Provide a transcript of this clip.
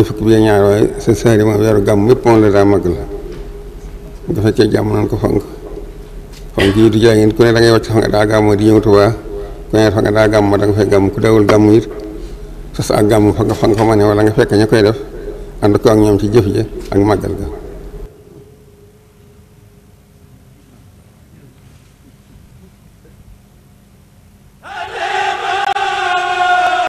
ay fukki bi ñaar waaye sa sëriñ moom weeru gàmm yëpp moom la daa màggal bu fekkee jàmm nañ ko fonk fonk yi du jaay ngeen ku ne da ngay wàcc fa daa gàmm di ñëw Tuubaa ku ne fa nga daa gàmm da nga fay gàmm ku dawul gàmm it sos ak gàmm fa nga fa nga fa ma ne wala nga fekk ñu koy def ànd ko ak ñoom ci jëf jë ak màggal ga